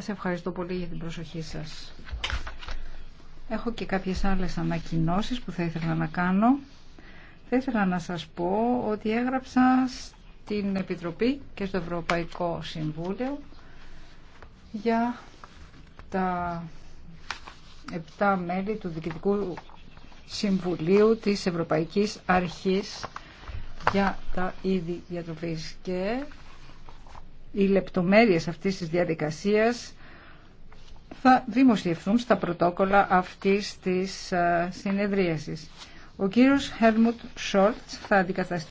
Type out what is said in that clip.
σε ευχαριστώ πολύ για την προσοχή σας. Έχω και κάποιες άλλες ανακοινώσεις που θα ήθελα να κάνω. Θα ήθελα να σας πω ότι έγραψα στην Επιτροπή και στο Ευρωπαϊκό Συμβούλιο για τα επτά μέλη του Διοικητικού Συμβουλίου της Ευρωπαϊκής Αρχής για τα είδη διατροφή και οι λεπτομέρειες αυτής της διαδικασίας θα δημοσιευθούν στα πρωτόκολλα αυτής της ε, συνεδρίασης. Ο κύριος Χέρμουτ Σόλτ θα αντικαταστήσει